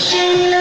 Russian